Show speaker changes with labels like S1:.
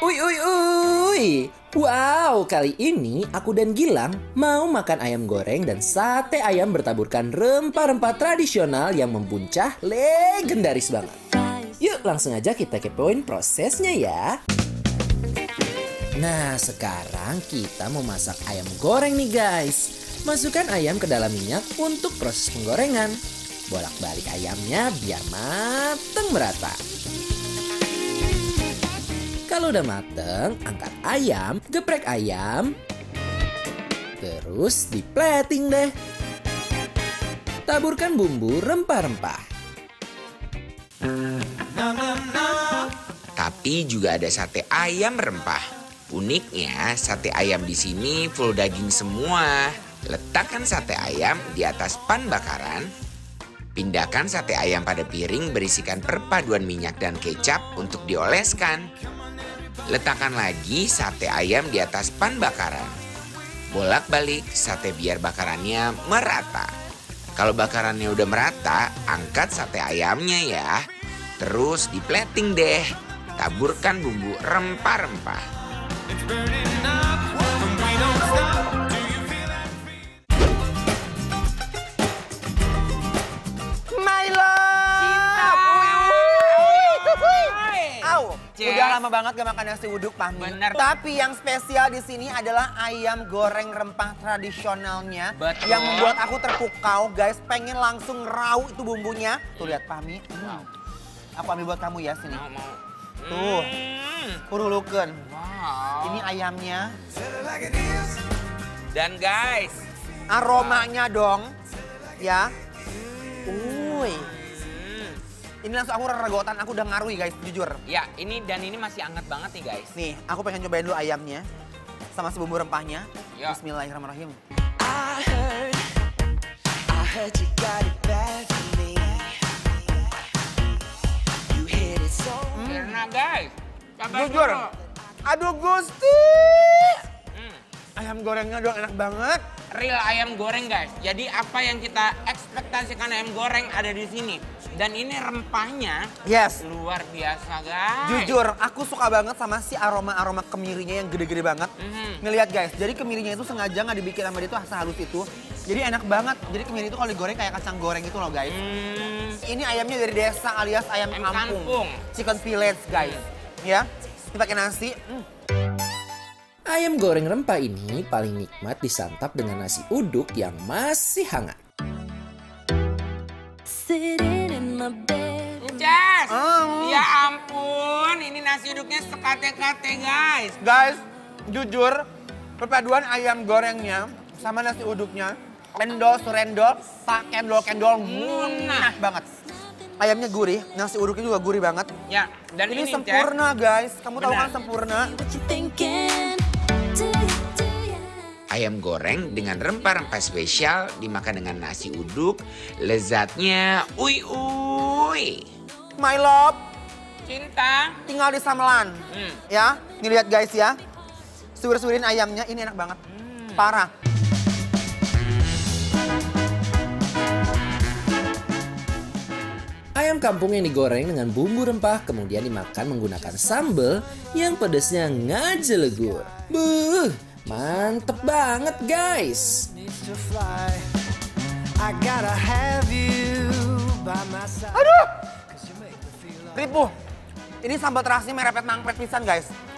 S1: Uy uy uy. Wow, kali ini aku dan Gilang mau makan ayam goreng dan sate ayam bertaburkan rempah-rempah tradisional yang membuncah legendaris banget. Yuk langsung aja kita kepoin prosesnya ya. Nah, sekarang kita mau masak ayam goreng nih guys. Masukkan ayam ke dalam minyak untuk proses penggorengan. Bolak-balik ayamnya biar mateng merata. Kalau udah mateng, angkat ayam, geprek ayam, terus plating deh. Taburkan bumbu rempah-rempah. Tapi juga ada sate
S2: ayam rempah. Uniknya, sate ayam di sini full daging semua. Letakkan sate ayam di atas pan bakaran. Pindahkan sate ayam pada piring berisikan perpaduan minyak dan kecap untuk dioleskan. Letakkan lagi sate ayam di atas pan bakaran. Bolak-balik sate biar bakarannya merata. Kalau bakarannya udah merata, angkat sate ayamnya ya. Terus di plating deh. Taburkan bumbu rempah-rempah.
S3: Udah lama banget gak makan nasi uduk, Pahmi. Bener. Tapi yang spesial di sini adalah ayam goreng rempah tradisionalnya. Betul. Yang membuat aku terpukau, guys. Pengen langsung rau itu bumbunya. Tuh lihat, Pahmi. Hmm. Aku ambil buat kamu ya sini. Mau, mau. Tuh. Hmm. Kurulukan.
S2: Wow. Ini
S3: ayamnya.
S2: Dan guys.
S3: Aromanya dong. Ya. Hmm. Uy. Ini langsung aku regotan, aku udah ngarui guys, jujur.
S2: Ya, ini dan ini masih anget banget
S3: nih guys. Nih, aku pengen cobain dulu ayamnya sama si bumbu rempahnya. Ya. Bismillahirrahmanirrahim. hmm. Karena guys, jujur. Dulu. Aduh Gusti. Hmm. Ayam gorengnya dong enak banget.
S2: Real ayam goreng guys. Jadi apa yang kita keasikan ayam goreng ada di sini. Dan ini rempahnya yes. luar biasa guys.
S3: Jujur, aku suka banget sama si aroma-aroma kemirinya yang gede-gede banget. Mm -hmm. Ngeliat guys, jadi kemirinya itu sengaja nggak dibikin sama dia itu sehalus itu. Jadi enak banget. Jadi kemiri itu kalau digoreng kayak kacang goreng itu loh guys. Mm. Ini ayamnya dari desa alias ayam, kampung. kampung. Chicken fillets guys. Mm. Ya, ini pakai nasi. Mm.
S1: Ayam goreng rempah ini paling nikmat disantap dengan nasi uduk yang masih hangat.
S2: Jess, oh. ya ampun, ini nasi uduknya sekate-kate
S3: guys. Guys, jujur, perpaduan ayam gorengnya sama nasi uduknya, rendol surendol, pak kendol, kendol, hmm, hmm, nah. enak banget. Ayamnya gurih, nasi uduknya juga gurih banget. Ya,
S2: dan ini, ini sempurna guys, kamu tahu kan sempurna ayam goreng dengan rempah-rempah spesial dimakan dengan nasi uduk. Lezatnya,
S3: ui ui. My love. Cinta. Tinggal di Samelan. Hmm. Ya, nih lihat guys ya. Suwir-suwirin ayamnya, ini enak banget. Hmm. Parah.
S1: Ayam kampung yang digoreng dengan bumbu rempah kemudian dimakan menggunakan sambal yang pedasnya ngajelegur. Buh, Mantep banget guys.
S3: Aduh, ripuh. Ini sambal terasnya merepet mangpet pisan guys.